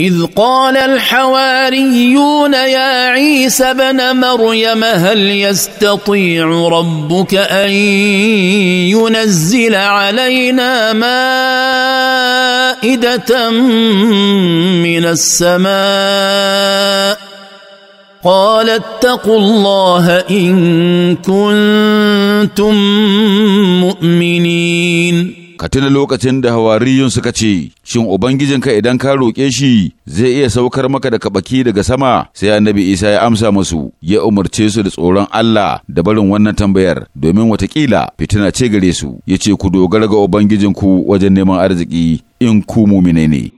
إذ قال الحواريون يا عيسى بن مريم هل يستطيع ربك أن ينزل علينا مائدة من السماء قال اتقوا الله إن كنتم مؤمنين ka tuna lokacin da hawariyun suka ce, Shin Ubangijinka idan ka roƙe shi zai iya saukar maka da kabaki daga sama? Sai annabi Isa ya amsa musu, ya umarce su da tsoron Allah da barin wannan tambayar, domin watakila fitina ce gare su, ya ce ku dogara ga Ubangijinku wajen neman arziki in ku mumine ne.